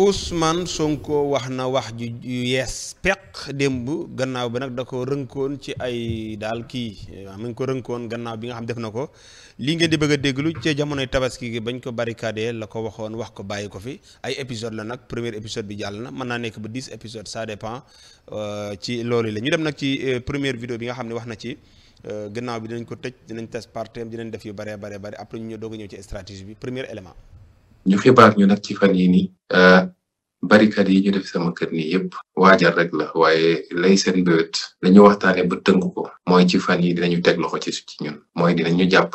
Ousmane Sonko wax na wax ju yees peq démb gannaaw bi nag da ko rënkoon ci ay daal kii mu ngi ko rënkoon gannaaw bi nga xam def na ko lii ngeen di bëgg a déglu ci jamonoy tabaski gi bañ ko barricadé la ko waxoon wax ko bàyyi ko fi ay épisode la nag premier épisode bi jàll na mën naa nekk ba dis épisode ça dépend euh, ci loolu la ñu dem nag ci euh, première vidéo bi nga xam ne wax na ci euh, gannaaw bi dañ ko tëj dinañ test par thème dinañ def yu bare bare bare après ñu ñëw ci stratégie bi premier élément ñu xibaar ñu nag ci fan yi nii euh, barikat yi ñu def sama kër ni yëpp waajal rek la waaye lay seen bébét la ñu waxtaanee ba tënk ko mooy ci fan yi dinañu teg loxo ci ci ñun mooy dinañu jàpp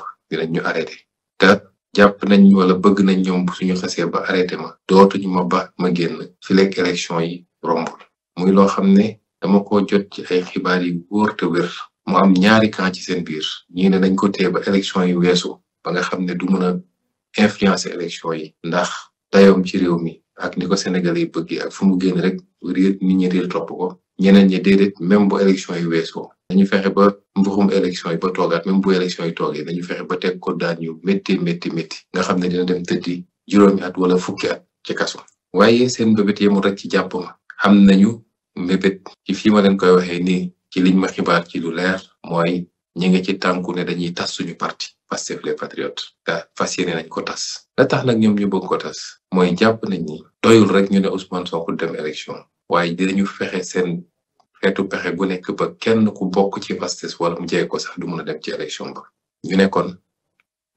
ñu arrêté ta jàpp nañ wala bëgg nañ ñoom suñu xasee ba arrêté ma dootuñu ma ba ma génn fi lekk élection yi rombul muy loo xam ne dama ko jot ci ay xibaar yi wóor te wér mu am ñaari camp ci seen biir ñii ne nañ ko téye ba élection yi weesu ba nga xam ne du mën a influencer élection yi ndax dayoom ci réew mi ak ni ko Sénégal yi bëgg ak fu mu génn rek réer ñi réer topp ko ñeneen ñi déedéet même bu élection yi weesoo dañu fexe ba mbuxum élection yi ba toogaat même bu élection yi toogee dañu fexe ba teg ko daan ñu métti métti nga xam ne dina dem tëddi juróomi at wala fukki at ci kaso waaye seen mbébét yemul rek ci jàpp ma xam nañu mbébét ci fii ma leen koy waxee nii ci liñ ma xibaar ci lu leer mooy ñi nga ci tànku ne dañuy tas suñu parti Pastef les patriotes te fas yéene nañ ko tas la tax nag ñoom ñu bëgg ko tas mooy jàpp nañ ni doyul rek ñu ne Ousmane Sonko dem élection waaye dinañu fexe seen xeetu pexe gu nekk ba kenn ku bokk ci Pastef wala mu jege ko sax du mun a dem ci élection ba ñu ne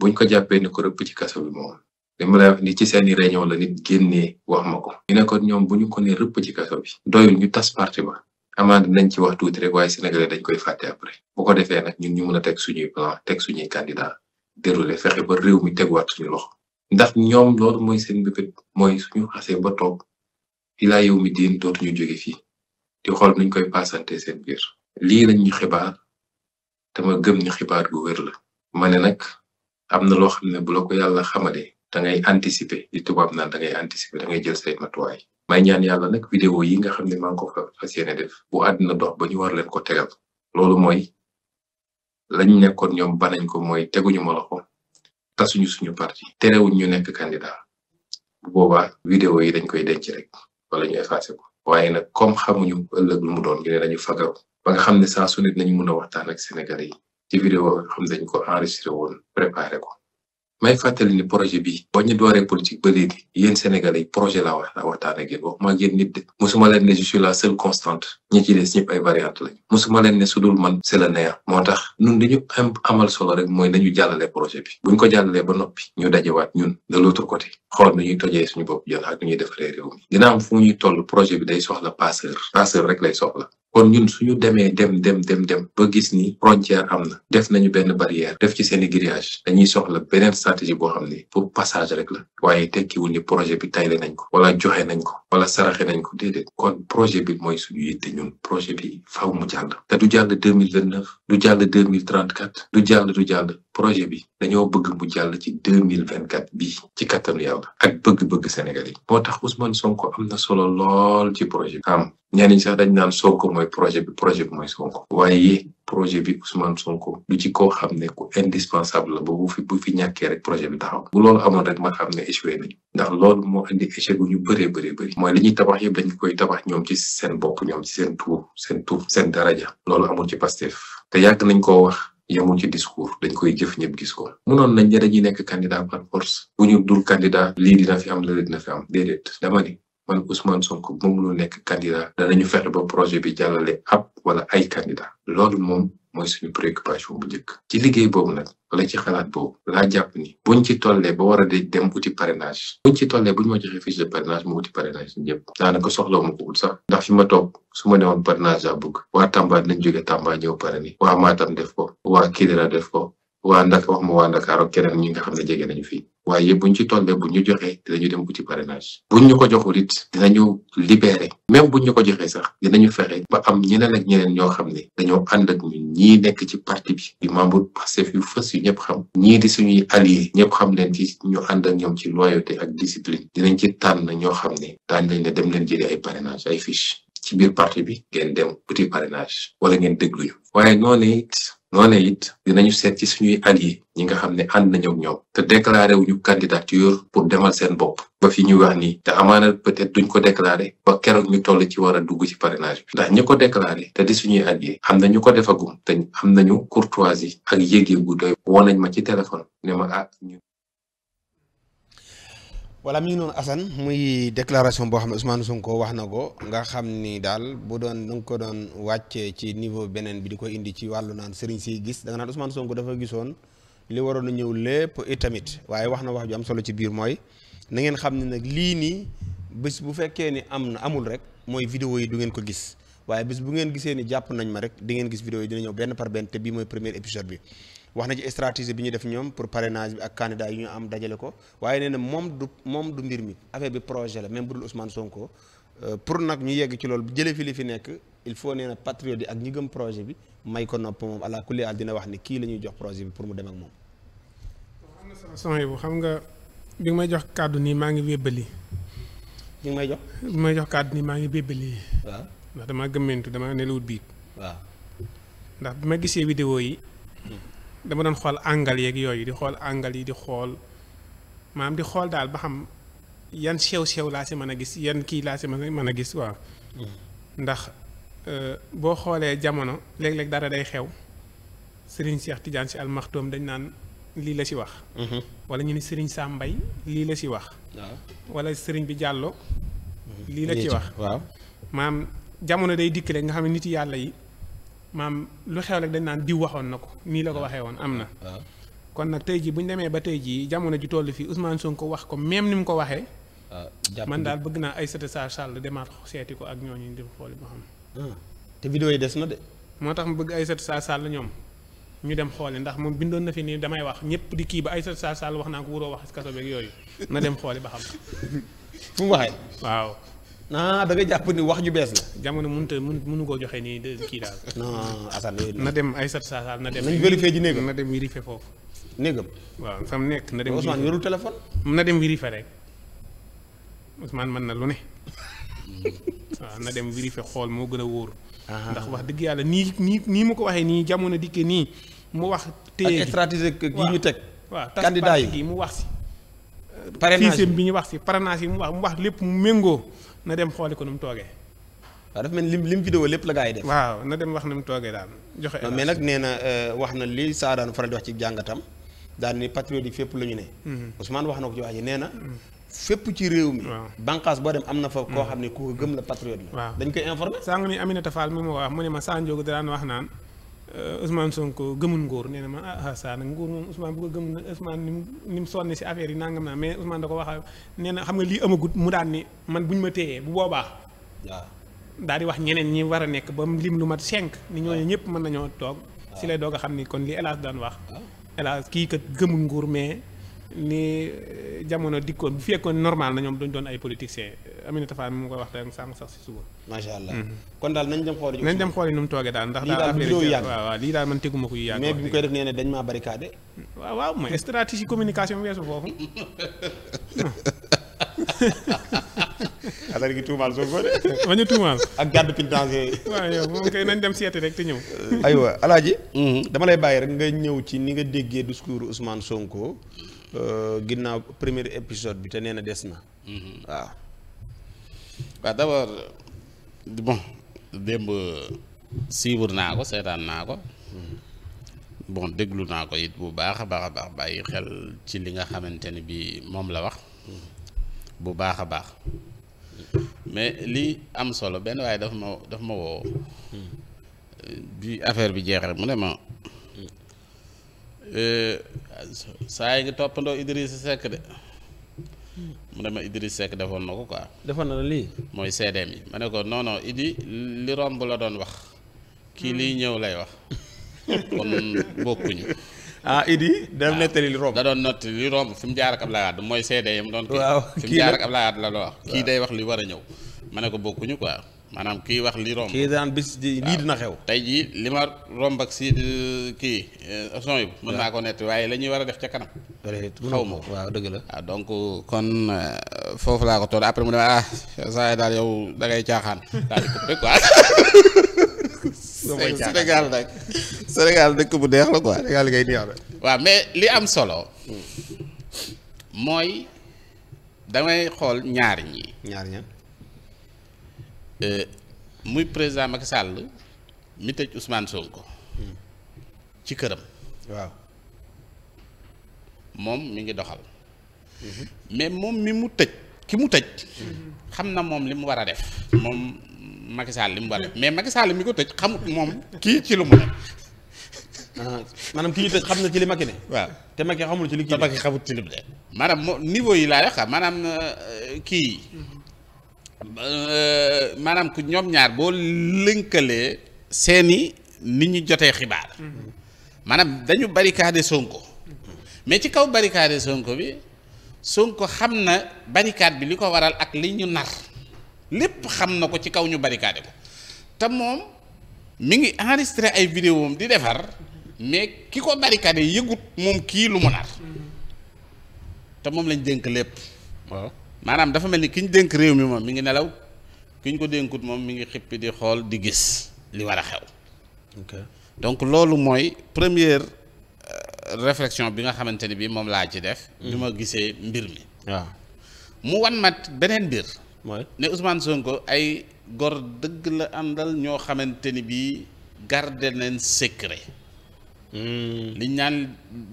buñ ko jàppee ni ko rëpp ci kaso bi moom li ma lay wax ni ci seeni réunion la nit génnee wax ma ko ñu ne ñoom bu ñu ko ne rëpp ci kaso bi doyul ñu tas parti ba amaan nañ ci wax tuuti rek waaye sénégalais dañ koy fàtte après bu ko defee nag ñun ñu mën a teg suñuy plan teg suñuy candidat déroulé fexe ba réew mi teguwaat suñu loxo ndax ñoom loolu mooy seen mbëbët mooy suñu xasee ba toog ilaa yow mi diin dootuñu jóge fii di xool nuñ koy paasante seen biir lii lañ ñu xibaar dama gëm ni xibaar gu wér la ma ne nag am na loo xam ne bu la ko yàlla xamale da ngay anticiper li tubaab naan da ngay anticiper ngay jël say matuwaay may ñaan yàlla nag vidéo yi nga xam ne maa ngi ko fas yéene def bu àddina dox ba ñu war leen ko tegal loolu mooy lañu nekkoon ñoom banañ ko mooy teguñu ma loxo tasuñu suñu parti terewuñ ñu nekk candidat bu boobaa vidéo yi dañ koy denc rek wala ñu effacé ko waaye nag comme xamuñu ëllëg lu mu doon ñu ne dañu fagaru ba nga xam ne saa su ne mun a waxtaan ak sénégal yi ci vidéo xam dañ ko enregistré woon préparé ko may fàttali ni projet bi ba ñu dooree politique ba léegi yéen Sénégalais yi projet la wax laa waxtaan ak yéen waxuma ak yéen nit de mosuma leen ne je suis la seule constante ñi ci des ñëpp ay variante lañu mosuma leen ne su dul man c'est le néant moo tax ñun dañu am amal solo rek mooy nañu jàllale projet bi buñ ko jàllalee ba noppi ñu dajewaat ñun de l'autre côté xool nu ñuy tojee suñu bopp jën a nu ñuy defaree réew mi dina am fu ñuy toll projet bi day soxla passeur passeur rek lay soxla kon ñun suñu demee dem dem dem dem ba gis ni frontière am na def nañu benn barrière def ci seen i grillage dañuy soxla beneen stratégie boo xam ni pour passage rek la waaye tekkiwul ni projet bi tayle nañ ko wala joxe nañ ko wala saraxe nañ ko déedéet kon projet bi mooy suñu yitte ñun projet bi faw mu jàll te du jàll deux mille vingt neuf du jàll deux mille trente quatre du jàll du jàll projet bi dañoo bëgg mu jàll ci deux mille vingt quatre bi ci kattanu yàlla ak bëgg-bëgg Sénégal yi moo tax Ousmane Sonko am na solo lool ci projet bi am ñenn sax dañ naan Sonko mooy projet projet bi mooy Sonko waaye projet bi Ousmane Sonko du ci koo xam ne ku indispensable la ba bu fi bu fi ñàkkee rek projet bi taxaw bu loolu amoon rek ma xam ne échoué ndax loolu moo indi échec gu ñu bëree bëree bëri mooy li ñuy tabax yëpp dañ koy tabax ñoom ci seen bopp ñoom ci seen tur seen tur seen daraja loolu amoon ci Pastef te yàgg nañ koo wax yemul ci discours dañ koy jëf ñëpp gis ko munoon nañ ne dañuy nekk candidat par force bu ñu dul candidat lii dina fi am lële dina fi am déedéet dama ni man Ousmane Sonko bu mu mënul nekk candidat danañu fexe ba projet bi jàllale ab wala ay candidat loolu moom mooy suñu préoccupation bu njëkk ci liggéey boobu nag wala ci xalaat boobu laa jàpp ni buñ ci tollee ba war a de dem uti parenage buñ ci tollee buñ ma joxee fiche de parrainage mu uti parrainage ñëpp daanaka soxla ma ko wul sax ndax fi ma toog su ma newoon parrainage laa bëgg waa Tamba nañ jóge Tamba ñëw parrainé waa Matam def ko waa Kidira def ko wa Ndaka wax ma waa Ndakaar ak keneen ñi nga xam ne jege nañu fii waaye bu buñ ci tollee bu ñu joxee nañu dem wuti parrainage buñ ñu ko joxul it dinañu libéré même buñ ñu ko joxee sax dinañu fexe ba am ñeneen ak ñeneen ñoo xam ne dañoo ànd ak ñun ñii nekk ci parti bi di membre Pastef yu fës yu ñëpp xam ñii di suñuy allié ñëpp xam leen ci ñu ànd ak ñoom ci loyauté ak discipline dinañ ci tànn ñoo xam ne daañ nañ ne dem leen jëli ay parrainage ay fiche ci biir parti bi ngeen dem wuti parrainage wala ngeen déglu ñu waaye noonu noonee it dinañu seet ci suñuy allié ñi nga xam ne ànd nañu ak ñoom te déclaré wuñu candidature pour demal seen bopp ba fi ñuy wax nii te amaana peut-être duñ ko déclaré ba keroog ñu toll ci war a dugg ci parrainage bi ndax ñi ko déclaré te di suñuy allié am na ñu ko defagum te am nañu courtoisie ak yéeg bu doy woo nañ ma ci téléphone ne ah voilà mi ngi noonu Assane muy déclaration boo xam ne Ousmane Sonko wax na ko nga xam ni daal bu doon da ko doon wàccee ci niveau beneen bi di ko indi ci wàllu naan sëriñ si gis da nga naan Ousmane Sonko dafa gisoon li waroon a ñëw lépp it tamit waaye wax na wax ju am solo ci biir mooy na ngeen xam ne nag lii nii bis bu fekkee ni am na amul rek mooy vidéo yi du ngeen ko gis waaye bés bu ngeen gisee ni jàpp nañ ma rek di ngeen gis vidéo yi dina ñëw benn par benn te mooy premier épisode bi wax na ci stratégie bi ñu def ñoom pour parrainage bi ak candidat yi ñu am dajale ko waaye nee na moom du moom du mbir mi affaire bi projet la même bu dul Ousmane Sonko euh, pour nag ñu yegg ci loolu jëlee fii li fi nekk il faut nee na patriote yi ak ñi gëm projet bi may ko nopp moom ala kulli al dina wax ni kii la ñuy jox projet bi pour mu dem ak moom. son bu xam nga bi may jox kàddu nii maa ngi wébbali. bi may jox bi may jox kàddu nii maa ngi wébbali. waaw ndax damaa gëmmentu damaa nelawut biib. waaw ndax bi ma gisee vidéo yi. Hmm. dama doon xool angal yeeg yooyu di xool angal yi di xool maam di xool daal ba xam yan sew sew laa si mën a gis yan kii laa si mën a gis waaw. Mm. ndax euh, boo xoolee jamono léeg-léeg dara day xew sëriñ Cheikh Tidiane si almaxtoom dañ naan lii la si wax. Mm-hmm. wala ñu ni Serigne mbay lii la si wax. wala sëriñ bi jàlloo mm-hmm. lii la ci wax waaw maam jamono day dikk rek nga xam ne nit yàlla yi. maam lu xew rek dañ naan diw waxoon na ko nii la ko waxee woon am na. kon nag tey jii bu ñu demee ba tey jii jamono ji toll fii Ousmane ko wax ko même ni mu ko waxee. Ah, man daal bëgg naa ay Aïssata Sarr Sall demaat seeti ko ak ñooñu di xool ba xam. Ah, te vidéo yi des na de. moo tax mu bëgg Aïssata Sarr Sall ñoom ñu dem xooli ndax moom bindoon na fi nii damay wax ñëpp di kii ba ay Aïssata Sarr Sall wax naa ko wuroo wax si kaso beeg yooyu na dem xooli ba xam. fu mu waxee waaw. ah da jàpp ni wax ju bees la. jamono te a mënu koo joxe nii kii daal. non Assane na dem ay sat saasaal na dem. nañ vérifié ji néegam na dem vérifié foofu. néegam. waaw fa nekk na dem. Ousmane yorul téléphone. na dem vérifié rek Ousmane mën na lu ne. waaw na dem vérifié xool moo gën a wóor. Ah. ndax wax dëgg yàlla nii nii nii mu ko waxee nii jamono dikkee nii mu wax. téye ak stratégie gi ñu teg. waaw candidat yi mu wax si. parrainage bi ñu wax si parrainage yi mu wax mu wax lépp mu méngoo. na dem xooli ko nu mu toogee. waaw dafa mel ni lim lim vidéo lépp la gaa yi de waaw na dem wax nu mu toogee daal joxe. émission nag nee na euh, wax na li saa daan faral di wax ci jàngatam daal ni patriote yi fépp la ñu ne. Mhm. Ousmane wax na ko ci wax ji nee na. Mhm. fépp ci réew mi. waaw bànqaas boo dem am na fa. koo mhm. xam ne ku gëm la patriote la. dañ koy informé. saa nga ni Aminata Fall mi mu ne ma Sanjoogu daan wax naan. Euh, Ousmane Sonko gëmul nguur nee na ma ah, ah saa nag nguur moom Ousmane bu ko gëmul nag Ousmane ni mu ni si affaire yi nangam naa mais Ousmane da ko wax nee na xam nga lii amagut mu daan ni man bu ñu ma téyee bu boobaa. waaw daal di wax ñeneen ñi war a nekk ba lim lu mat cinq ni ñooñu ñëpp mën nañoo toog. si lay doog a xam ni kon li El daan wax. El Hadj kii kat gëmul nguur mais ni eh, jamono dikkoon bu fekkoon normal na ñoom duñ doon ay politiciens Aminata Fall mu ngi koy wax tey sànq sax si suba. macha allah mm-hmm. kon daal nañ dem xooli. nañ dem xooli nu mu toogee daal ndax. daal affaire lii daal man ko yu yàgg. mais bi waaw waaw mooy stratégie communication weesu foofu. asal gi tuumaal soo ak garde pénitentiaire yi. waaw yow dem seeti rek te ñëw. aywa alaaji mm-hmm. dama lay bàyyi rek nga ñëw ci ni nga déggee discours Ousmane Sonko. Euh, ginnaaw premier épisode bi te nee na des na. Mhm. waaw. waaw d'abord bon démb suivre naa ko seetaan naa ko. Mhm. bon déglu naa ko it bu baax a baax a baax bàyyi xel ci li nga xamante ni bii moom la wax. Mhm. bu baax a baax. mais li am solo benn waaye daf ma daf ma woo. bi affaire bi jeex rek mu ne ma. Euh, saa yi ngi toppandoo Idrissa Seck de mu demee Idriss Seck defoon na ko quoi. defoon na la lii. mooy seedeem yi ma ne ko non non Idi li romb la doon wax kii liy ñëw lay wax kon bokkuñu. ah Idi. da doon nettali li romb da doon notti li romb fi mu jaar ak Ablaye mooy seede yi mu doon. waaw kii fi mu jaar la wax. kii day wax li war a ñëw ma ne ko bokkuñu quoi. maanaam kii wax li romb. kii daan bis di lii dina xew. tey jii li ma romb ak si kii eh, son yi. mën naa ko nett waaye lañuy war a def ca kanam. xaw ma dëgg la. waaw ah, donc kon eh, foofu laa ko toll après mu ne ah saa daal yow da ngay caaxaan daal di ko dëkk bu neex la quoi. Sénégal ngay neex la. waaw mais li am solo. Hmm. mooy damay xool ñaar ñi. ñaar ñi. muy président Macky Sall mi tëj Ousmane ko ci këram. waaw moom mu ngi doxal. Mhm. mais moom mi mu tëj ki mu tëj. xam na moom li mu war a def. moom Macky li mu war a def mais Macky mi ko tëj xamut moom kii ci lu mu ne. Ah, maanaam ki ñu tëj xam na ci li Macky ne. waaw te Macky xamul ci li kii ne te Macky xamut ci li mu ne. maanaam niveau yi laa def maanaam euh, kii. Mhm. Euh, maanaam ku ñoom ñaar boo lënkalee seeni nit ñu jotee xibaar mhm. maanaam dañu barricade Sonko mais ci kaw barricade Sonko bi Sonko xam na barricade bi li ko waral ak li ñu nar lépp xam na ko ci kaw ñu barricade ko te moom mu ngi enregistré ay vidéo di defar mais ki ko barricade yëgut moom kii lu mu nar mhm. te moom lañ dénk lépp maanaam dafa mel ni ki ñu dénk réew mi moom mi ngi nelaw kiñ ko dénkut moom mu ngi xippi di xool di gis li war a xew. donc loolu mooy première euh, réflexion bi nga xamante ni bii moom laa ci def. ñu mm. ma gisee mbir mi. waaw ah. mu wan mat beneen mbir. mooy ne Ousmane Sonko ay gor dëgg la àndal ñoo xamante ni bii garder nañ secret. Mm. liñ naan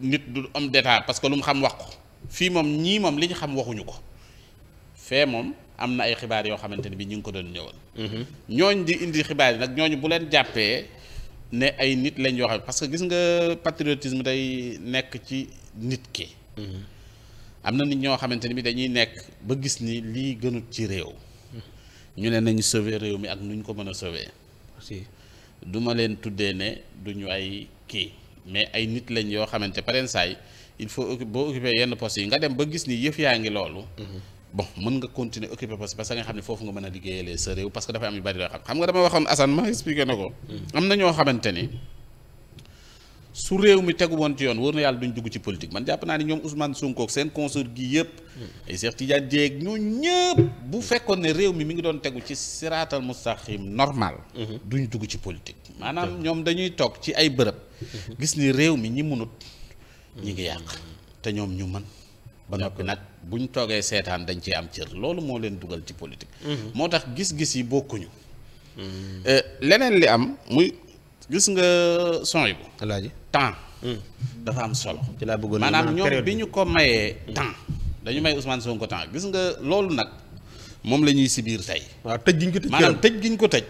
nit du homme d'état parce que lu mu xam wax ko fii moom ñii moom liñ xam waxuñu ko. fee moom am na ay xibaar yoo xamante ne bi ñu ngi ko doon ñëwal. Mhm. ñooñ di indi xibaar yi nag ñooñu bu leen jàppee ne ay nit lañ yoo xam parce que gis nga patriotisme day nekk ci nit ki. Mhm. am na nit ñoo xamante ne bi dañuy nekk ba gis ni lii gënut ci réew. ñu ne nañu sauver réew mi ak nu ñu ko mën a sauver. du ma leen tuddee ne du ñu ay kii mais ay nit lañ yoo xamante pareen saay il faut boo occupé yenn poste yi nga dem ba gis ni yëf yaa ngi loolu. Mhm. bon mën nga continuer occuper parce que nga xam ne foofu nga mën a liggéeyalee sa réew parce que dafa am yu bari loo xam nga dama waxoon Assane ma expliqué na ko. Mm. am na ñoo xamante ni su réew mi tegu woon ci yoon war na yàlla duñu dugg ci politique man jàpp naa ni ñoom Ousmane Sonko seen consort gi yëpp. Mm. ay Cheikh Tidiane Dièye ñoo ñëpp bu fekkoon ne réew mi mi ngi doon tegu ci siraatal mustaqim normal. Mm-hmm. duñ dugg ci politique. Mm-hmm. maanaam mm-hmm. ñoom dañuy toog ci ay bërëb. gis ni réew mi ñi munut. ñi ngi yàq te ñoom ñu mën. ba noppi nag bu ñu toogee seetaan dañ ci am cër loolu moo leen dugal ci politique. Mhm. moo tax gis-gis yi bokkuñu. Mhm. Euh, leneen li am muy gis nga son yi. temps. Mhm. dafa am solo. ci laa bëggoon maanaam ñoom bi ñu ko mayee temps dañu may Ousmane ko temps gis nga loolu nag moom la ñuy si biir tey. waaw tëj gi ñu ko tëj maanaam tëj gi ñu ko tëj.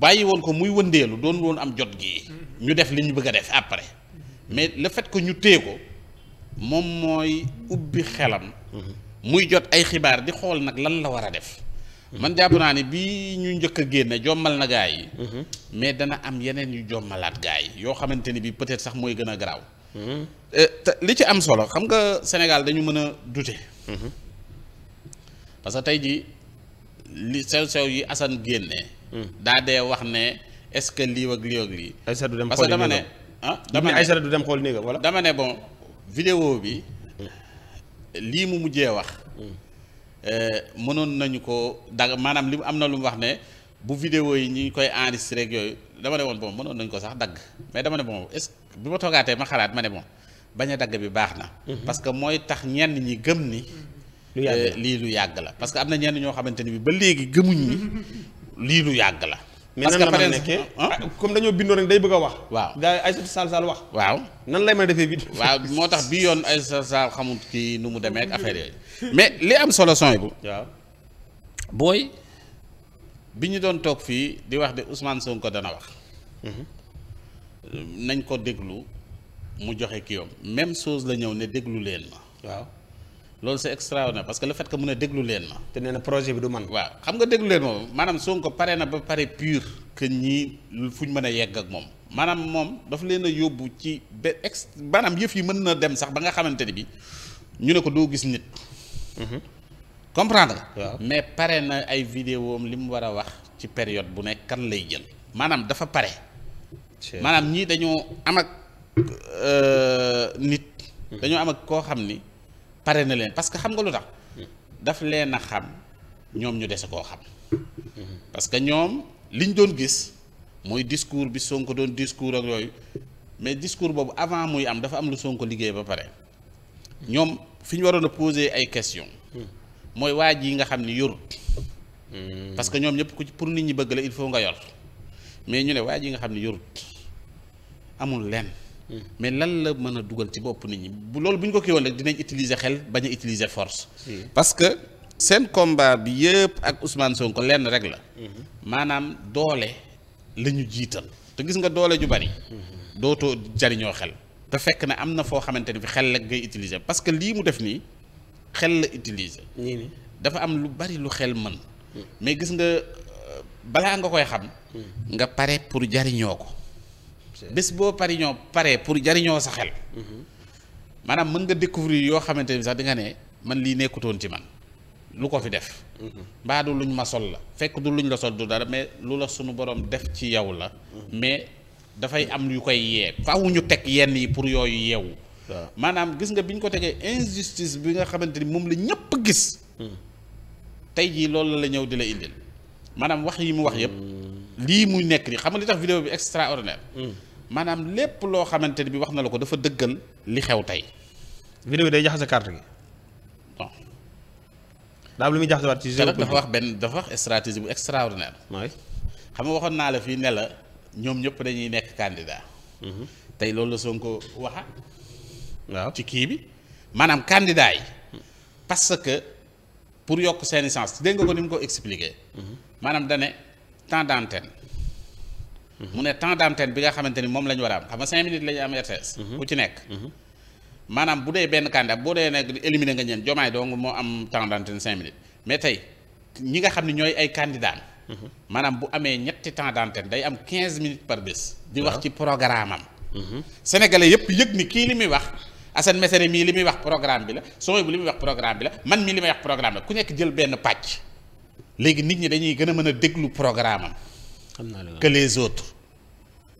bàyyi woon ko muy wëndeelu doon woon am jot gi ñu def li ñu bëgg a def après mais le fait ko ñu téye ko. moom mooy ubbi xelam. muy jot ay xibaar di xool nag lan la war a def. man jàpp naa ne bii ñu njëkk a génne jommal na gaa yi. mais dana am yeneen yu jommalaat gaa yi yoo xamante ni bii peut-être sax mooy gën a garaaw. Eh, li ci am solo xam nga Sénégal dañu mën a douter. parce que tey jii li sew sew yi Assane génne. daa wax ne est-ce que lii ak lii ak lii. parce que dama ne ah dama ne Aïssata du dem xool néegam wala. dama ne bon. vidéo bi lii mu mujjee wax euh, mënoon nañu ko dagg maanaam li mu am na lu mu wax ne bu vidéo yi ñi koy enregistré ak yooyu dama ne woon bon mënoon nañ ko sax dagg mais dama ne bon est bi ma toogaatee ma xalaat ma ne bon bañ a dagg bi baax na mhm. parce que mooy tax ñenn ñi gëm ni euh, lii lu yàgg la parce que am na ñenn ñoo xamante ni bi ba léegi gëmuñ ni lii lu yàgg la mais nan la mën a nekkee comme dañoo bindoo rek day bëgg a wax. waaw gars yi Aïssata Sall Sall wax. waaw nan lay mën a defee vidéo. waaw moo tax bii yoon Aïssata Sall xamul kii nu mu demee ak affaire yooyu mais li am solo son bu waaw booy bi ñu doon toog fii di wax de Ousmane ko dana wax. Mhm. nañ ko déglu mu joxe kii yoom même chose la ñëw ne déglu leen ma waaw. loolu c'est extraordinaire parce que le fait que mun a déglu leen ma. te nee na projet bi du man. waaw xam nga déglu leen moom maanaam Sonko pare na ba pare pur que ñii fu ñu mën a yegg ak moom maanaam moom dafa leen a yóbbu ci ba ex maanaam yëf yi mën na dem sax ba nga xamante ni bi ñu ne ko doo gis nit. Mhm. comprendre nga. mais pare na ay vidéo am li mu war a wax ci période bu nekk kan lay jël. maanaam dafa pare. maanaam ñii dañoo am ak euh, nit. Mhm. dañoo am ak koo xam ni. pare na leen parce que xam nga lu tax hmm. daf leen a xam ñoom ñu dese koo xam parce que ñoom ñu doon gis mooy discours bi Sonko doon discours ak yooyu mais discours boobu avant muy am dafa am lu Sonko liggéey ba pare ñoom fi ñu waroon a poser ay question hmm. mooy waa ji yi nga xam ni yorut hmm. parce que ñoom ñëpp ku ci pour nit ñi bëgg la il faut nga yor mais ñu ne waa nga xam ni yorut amul lenn mais lan la mën a dugal ci bopp nit ñi bu loolu bu ñu ko kiiwal rek dinañ utiliser xel bañ a utiliser force. parce que seen combat bi yëpp ak Ousmane ko lenn rek la. Mhm. maanaam doole la ñu jiital. te gis nga doole ju bari. Mhm. dootoo jariñoo xel. te fekk na am na foo xamante ni fi xel nag ngay utiliser parce que lii mu def nii xel la utiliser. dafa am lu bari lu xel mën. Mm. mais gis nga euh, balaa nga koy xam. Mm. nga pare pour jariñoo ko. bés boo pariñoo paree pour jariñoo sa xel mm-hmm. maanaam mën nga découvrir yoo xamante ni sax di ne man lii nekkutoon ci man lu ko fi def mm-hmm. mbaa du luñ ma sol la fekk du luñ la sol du dara mais lu la sunu borom def ci yow la mm-hmm. mais dafay am yu koy yee faaw ñu teg yenn yi pour yooyu yeewu maanaam gis nga bi ñu ko tegee injustice bi nga xamante ni moom la ñëpp gis mm. tey jii loolu la ñëw di la indil maanaam wax yi mu wax yëpp mm. lii muy nekk nii xam nga li tax vidéo bi extraordinaire mm. maanaam lépp loo xamante ni bi wax na la ko dafa dëggal li xew tey. vidéo day jaxase kart gi. bon. lu muy jaxasewaat ci. géopolitique dafa wax benn dafa wax stratégie bu extraordinaire. mooy xam nga waxoon naa la fii ne la ñoom ñëpp dañuy nekk candidat. Mhm. tey loolu la Sonko waxa waaw ci kii bi maanaam candidat yi. parce que pour yokk seen i sens dégg nga ko ni mu ko expliqué. Mhm. maanaam dane temps d'antenne mu ne temps d'antenne bi nga xamante ni moom lañu ñu war a am xam nga cinq minutes la am RTS. Mhm. ku ci nekk. Mhm. maanaam bu dee benn candidat boo dee nekk éliminer nga ñeen jomaay dong moo am temps d'antenne cinq minutes mais tey ñi nga xam ne ñooy ay candidat mhm. maanaam bu amee ñetti temps d'antenne day am quinze minutes par bés. di wax ci programme am. sénégalais yëpp yëg ni kii li muy wax. Assane Mesere mii li muy wax programme bi la Sow bu li muy wax programme bi la man mii li may wax programme ku nekk jël benn pàcc léegi nit ñi dañuy gën a mën a déglu programme am. que les autres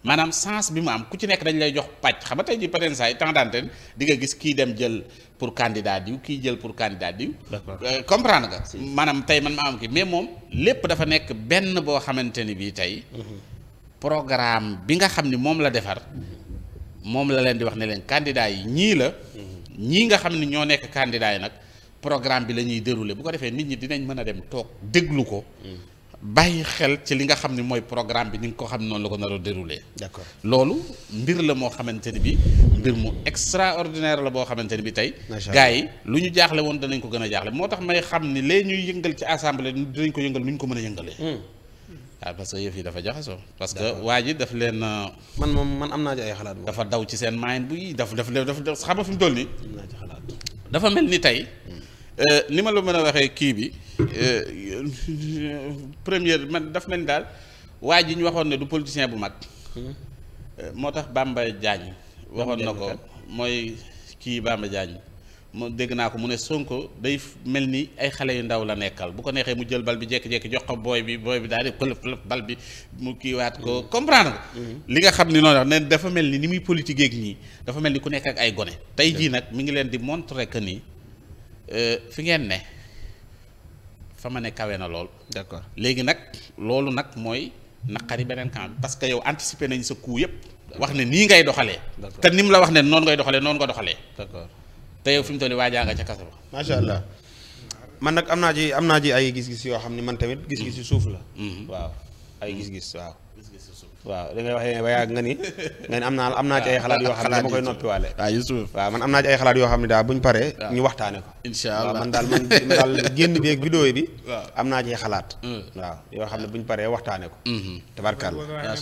maanaam sens bi mu am ku ci nekk dañ lay jox pàcc xam nga tey ji peut-être saa yi temps d'antenne di nga gis kii dem jël pour candidat diw kiy jël pour candidat diw euh, comprendre nga maanaam tey man ma am ki mais moom lépp dafa nekk benn boo xamante ni bii tey mhm. programme bi nga xam ni moom la defar moom la leen di wax ne leen candidat yi ñii la mhm. ñii nga xam ni ñoo nekk candidat yi nag programme bi la ñuy dérouler bu ko defee nit ñi dinañ mën a dem toog déglu ko mhm. bàyyi xel ci li nga xam ni mooy programme bi ni nga ko xam noonu la ko nar a déroulé. loolu mbir la moo xamante ni bi mbir mu extraordinaire la boo xamante ni bi tey. gaa yi lu ñu jaaxle woon danañ ko gën a jaaxle moo tax may xam ni lee ñuy yëngal ci assemblée dinañ ko yëngal nu ñu ko mën a yëngalee. waaw hmm. ah, parce que yëf yi dafa jaxasoo. parce que waa ji daf leen. Euh, man moom man am naa ci ay xalaat boobu. dafa daw ci seen maayin bu daf daf daf xam nga fi mu toll nii. dafa mel ni tey. Hmm. Euh, ni ma la mën a kii bi. Euh, première man daf mel ni daal waa ji ñu waxoon ne du politicien bu mag. Euh, moo tax Bamba Diagne. waxoon na ko mooy kii baam Bamba Diagne mu dégg naa ko mu ne Sonko day mel ni ay xale yu ndaw la nekkal bu ko neexee mu jël bal bi jékki-jékki jox ko booy bi booy bi daal di këlëf këlëf bal bi mu kiiwaat ko comprendre mm-hmm. li nga xam ni noonu wax ne dafa mel ni ni muy politique ak ñii dafa mel ni ku nekk ak ay gone. tey jii nag mi ngi leen di montrer que ni euh, fi ngeen ne. fa ma ne kawe na lool. d'accord léegi nag loolu nag mooy naqari beneen camp parce que yow anticiper nañ sa kuu yëpp. wax ne nii ngay doxalee. te ni mu la wax ne noonu ngay doxalee noonu nga doxalee. d'accord te yow fi mu toll waajaa nga ca kaso ba. allah man nag am naa ji am naa ji ay gis-gis yoo xam ne man tamit. gis-gis yu suuf la. Mm-hmm. waaw. ay hmm. gis-gis waaw. gis-gis waaw da ngay waxee ba yàgg nga ni. nga ni am naa am naa ci ah, xalaat yoo ah, am naa ci ay xalaat yoo xam ne daal bu ñu paree. Ah. ñu waxtaane ko. incha allah man daal man daal génn beeg bi. am naa ci xalaat. Hmm. waaw yoo xam ne bu ñu waxtaane ko. Hmm. tabarkaal macha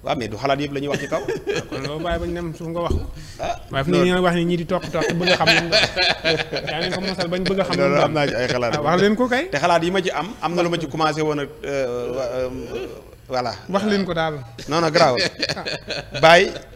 waaw mais du xalaat yëpp la ñuy wax ci kaw. kon loolu bàyyi ba ñu dem suuf nga wax ko. Ah. waaye fi ñu wax ne ñii di toq toq bëgg a xam lu mu yaa ngi ko mosal bañ bëgg a xam. loolu am naa ci ay xalaat ah, wax leen ko kay. te xalaat yi ma ci am am na lu ma ci commencé woon ak euh, euh, voilà. wax leen ko daal. non non garaaw. Ah. bàyyi